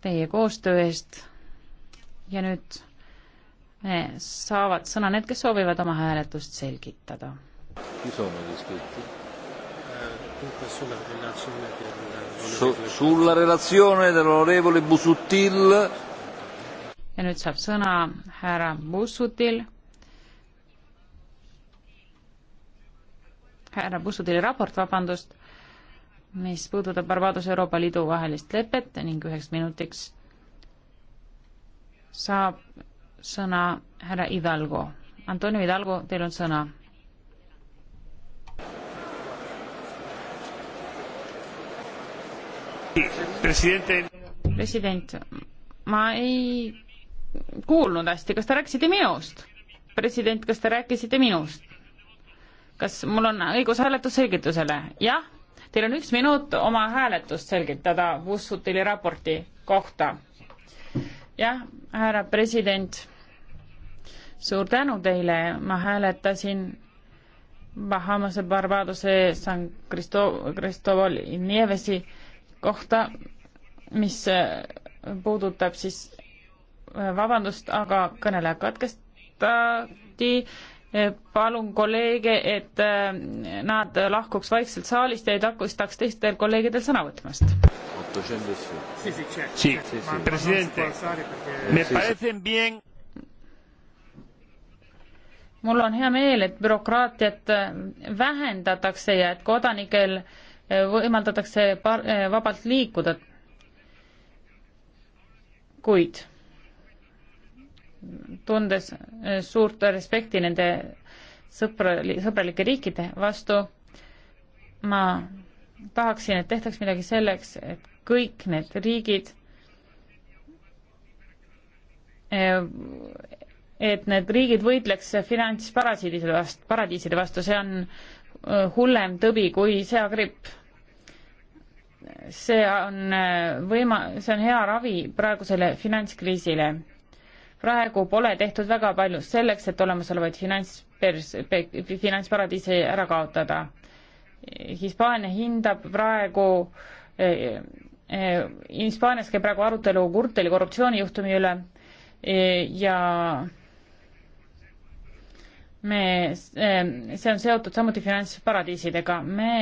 teie koostöö eest ja nüüd saavad sõna need, kes soovivad oma hääletust selgitada. Sulla relazione dell'onorevole Busutil. ja nüüd saab sõna härra Busutil. härra Busutili raport, vabandust mis puudutab Barbados Euroopa Liidu vahelist lepet ning üheks minutiks saab sõna härra Hidalgo. Antonio Hidalgo, teil on sõna president. president, ma ei kuulnud hästi, kas te rääkisite minust? president, kas te rääkisite minust? kas mul on õigus hääletusselgitusele? jah Teil on üks minut oma hääletust selgitada Vussutili raporti kohta. jah, härra president, suur tänu teile, ma hääletasin Bahamase, Barbadose, San Cristo-, Cristobal Nievesi kohta, mis äh, puudutab siis, äh, vabandust, aga kõneleja katkestati palun kolleege, et äh, nad lahkuks vaikselt saalist ja ei takistaks teistel kolleegidel sõna võtmast. mul on hea meel, et bürokraatiat äh, vähendatakse ja et kodanikel äh, võimaldatakse vabalt liikuda. kuid tundes suurt respekti nende sõpra, sõbralike riikide vastu, ma tahaksin, et tehtaks midagi selleks, et kõik need riigid, et need riigid võitleks finantsparadiiside vastu, paradiiside vastu, see on hullem tõbi kui seagripp. see on võima-, see on hea ravi praegusele finantskriisile praegu pole tehtud väga palju selleks, et olemasolevaid finantspers-, finantsparadiise ära kaotada. Hispaania hindab praegu eh, eh, Hispaanias käib praegu arutelu Kurteli korruptsioonijuhtumi üle eh, ja me, eh, see on seotud samuti finantsparadiisidega, me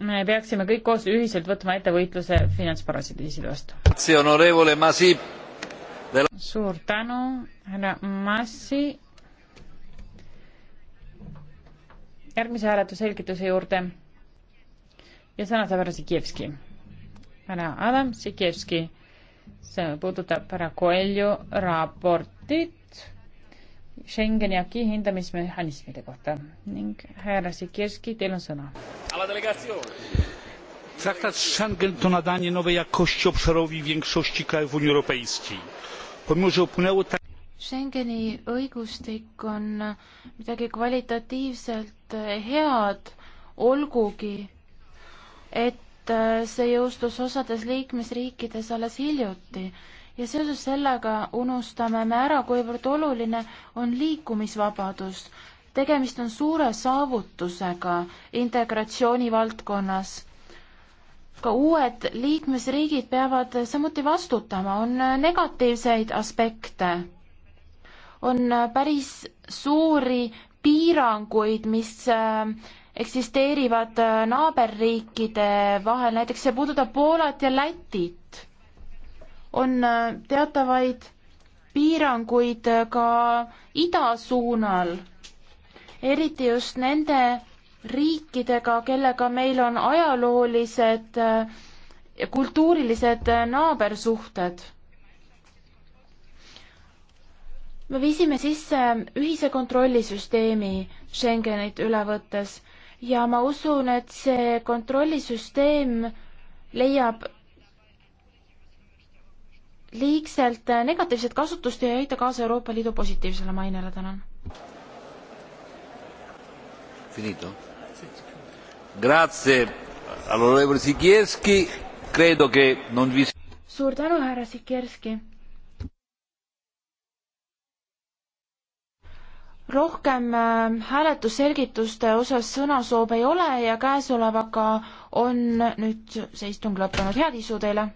me peaksime kõik koos ühiselt võtma ette võitluse finantsparasiidide vastu. suur tänu, härra Massi. järgmise hääletuse selgituse juurde ja sõna saab härra Sikijevski. härra Adam Sikijevski, see puudutab härra Koelju raportit Schengeni aki hindamismehhanismide kohta ning härra Sikijevski, teil on sõna traktat z schengen to nadanie nowej jakości obszarowi większości krajów unii europejskiej. pomimo że upłynęło tak Schengeni õigustik on midagi kvalitatiivselt head, olgugi et see jõustus osades liikmesriikides alles hiljuti ja seoses sellega unustame me ära, kuivõrd oluline on liikumisvabadus tegemist on suure saavutusega integratsiooni valdkonnas. ka uued liikmesriigid peavad samuti vastutama, on negatiivseid aspekte. on päris suuri piiranguid, mis äh, eksisteerivad äh, naaberriikide vahel, näiteks see puudutab Poolat ja Lätit. on äh, teatavaid piiranguid ka ida suunal eriti just nende riikidega, kellega meil on ajaloolised ja äh, kultuurilised äh, naabersuhted. me viisime sisse ühise kontrollisüsteemi Schengenit üle võttes ja ma usun, et see kontrollisüsteem leiab liigselt äh, negatiivset kasutust ja ei aita kaasa Euroopa Liidu positiivsele mainele, tänan Finito? Grazie all'onorevole Sikierski, credo che non vi Suur tänu, härra Sikierski. rohkem äh, hääletusselgituste osas sõnasoove ei ole ja käesolevaga on nüüd see istung lõppenud, head isu teile!